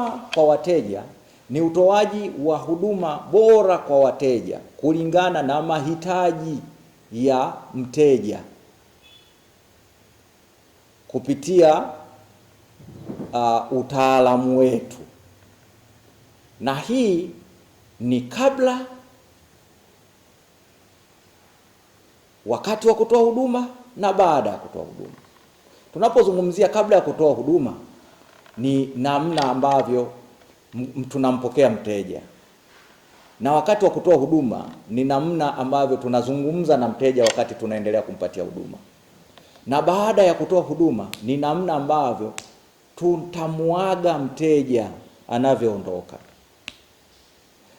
huduma kwa wateja ni utoaji wa huduma bora kwa wateja kulingana na mahitaji ya mteja kupitia uh, utaalamu wetu, na hii ni kabla, wakati wa kutoa huduma na baada ya kutoa huduma. Tunapozungumzia kabla ya kutoa huduma ni namna ambavyo tunampokea mteja, na wakati wa kutoa huduma ni namna ambavyo tunazungumza na mteja wakati tunaendelea kumpatia huduma, na baada ya kutoa huduma ni namna ambavyo tutamuaga mteja anavyoondoka,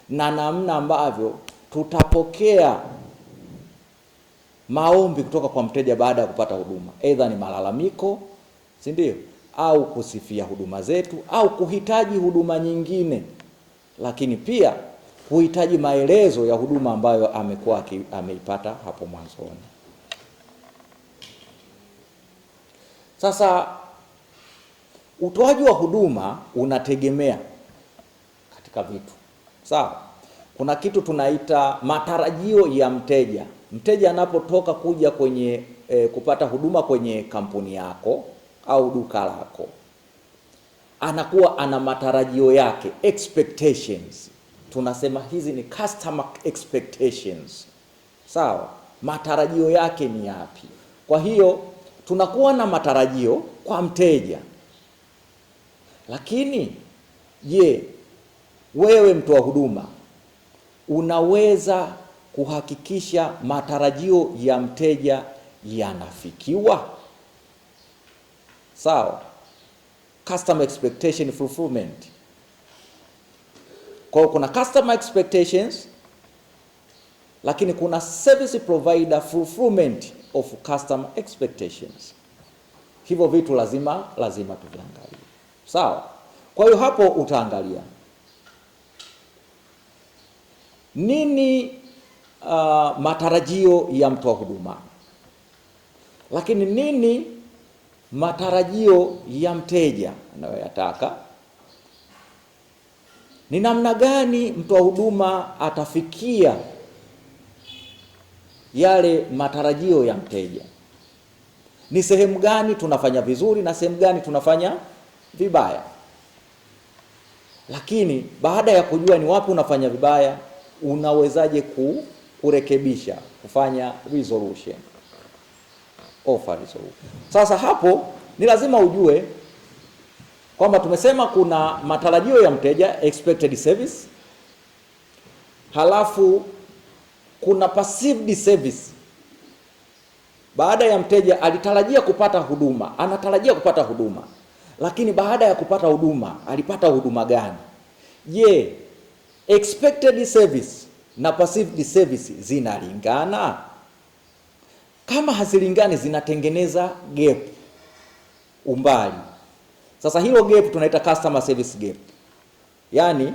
na namna ambavyo tutapokea maombi kutoka kwa mteja baada ya kupata huduma, aidha ni malalamiko, si ndio? au kusifia huduma zetu au kuhitaji huduma nyingine, lakini pia kuhitaji maelezo ya huduma ambayo amekuwa ameipata hapo mwanzoni. Sasa utoaji wa huduma unategemea katika vitu sawa. Kuna kitu tunaita matarajio ya mteja. Mteja anapotoka kuja kwenye e, kupata huduma kwenye kampuni yako au duka lako, anakuwa ana matarajio yake, expectations. Tunasema hizi ni customer expectations, sawa? Matarajio yake ni yapi? Kwa hiyo tunakuwa na matarajio kwa mteja, lakini je, wewe mtoa huduma unaweza kuhakikisha matarajio ya mteja yanafikiwa? sawa, customer expectation fulfillment. Kwa kuna customer expectations, lakini kuna service provider fulfillment of customer expectations. Hivyo vitu lazima lazima tuviangalie, sawa. Kwa hiyo hapo utaangalia nini uh, matarajio ya mtu wa huduma, lakini nini matarajio ya mteja anayoyataka, ni namna gani mtoa huduma atafikia yale matarajio ya mteja, ni sehemu gani tunafanya vizuri na sehemu gani tunafanya vibaya. Lakini baada ya kujua ni wapi unafanya vibaya, unawezaje kurekebisha, kufanya resolution offer So, Sasa hapo ni lazima ujue kwamba tumesema kuna matarajio ya mteja expected service, halafu kuna perceived service. Baada ya mteja alitarajia kupata huduma, anatarajia kupata huduma, lakini baada ya kupata huduma alipata huduma gani? Je, expected service na perceived service zinalingana? kama hazilingani zinatengeneza gap, umbali. Sasa hilo gap tunaita customer service gap, yaani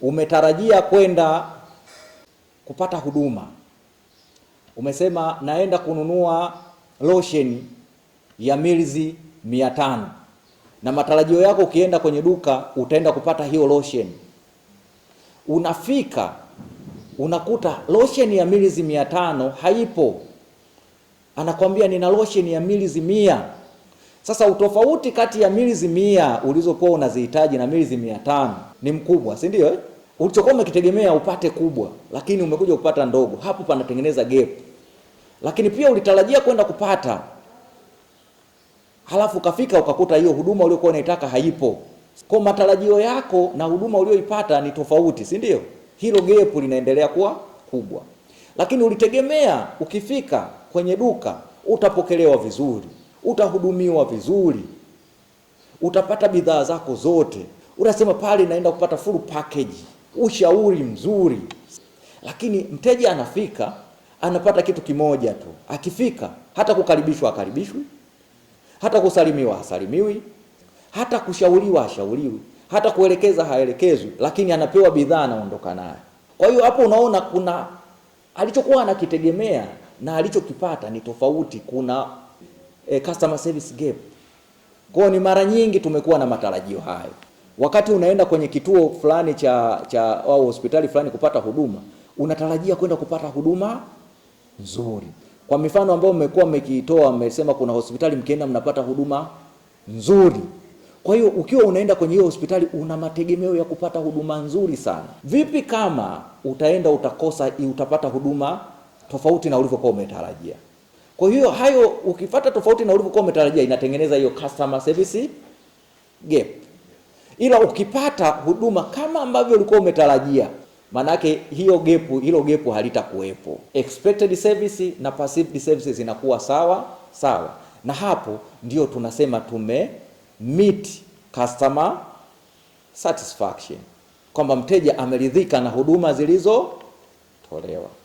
umetarajia kwenda kupata huduma, umesema naenda kununua losheni ya milizi mia tano na matarajio yako ukienda kwenye duka utaenda kupata hiyo losheni. Unafika unakuta lotion ya milizi mia tano haipo, anakwambia nina lotion ya milizi mia. Sasa utofauti kati ya milizi mia ulizokuwa unazihitaji na milizi mia tano ni mkubwa, si ndio? Eh, ulichokuwa umekitegemea upate kubwa, lakini umekuja kupata ndogo. Hapo panatengeneza gap, lakini pia ulitarajia kwenda kupata, halafu kafika ukakuta hiyo huduma uliokuwa unaitaka haipo. Kwa matarajio yako na huduma ulioipata ni tofauti, si ndio? Hilo gap linaendelea kuwa kubwa lakini ulitegemea ukifika kwenye duka utapokelewa vizuri, utahudumiwa vizuri, utapata bidhaa zako zote. Unasema pale naenda kupata full package, ushauri mzuri, lakini mteja anafika anapata kitu kimoja tu. Akifika hata kukaribishwa akaribishwi, hata kusalimiwa hasalimiwi, hata kushauriwa ashauriwi, hata kuelekeza haelekezwi, lakini anapewa bidhaa anaondoka nayo. Kwa hiyo hapo unaona kuna alichokuwa anakitegemea na alichokipata ni tofauti. Kuna e, customer service gap. Kwa ni mara nyingi tumekuwa na matarajio hayo. Wakati unaenda kwenye kituo fulani cha cha au hospitali fulani kupata huduma, unatarajia kwenda kupata huduma nzuri. Kwa mifano ambayo mmekuwa mmekitoa, mmesema kuna hospitali mkienda mnapata huduma nzuri. Kwa hiyo ukiwa unaenda kwenye hiyo hospitali una mategemeo ya kupata huduma nzuri sana. Vipi kama utaenda utakosa, utapata huduma tofauti na ulivyokuwa umetarajia? Kwa hiyo hayo, ukifata tofauti na ulivyokuwa umetarajia, inatengeneza hiyo customer service gap. Ila ukipata huduma kama ambavyo ulikuwa umetarajia, manake hiyo gepu, hilo gap halitakuwepo. Expected service na perceived services zinakuwa sawa sawa, na hapo ndio tunasema tume meet customer satisfaction, kwamba mteja ameridhika na huduma zilizotolewa.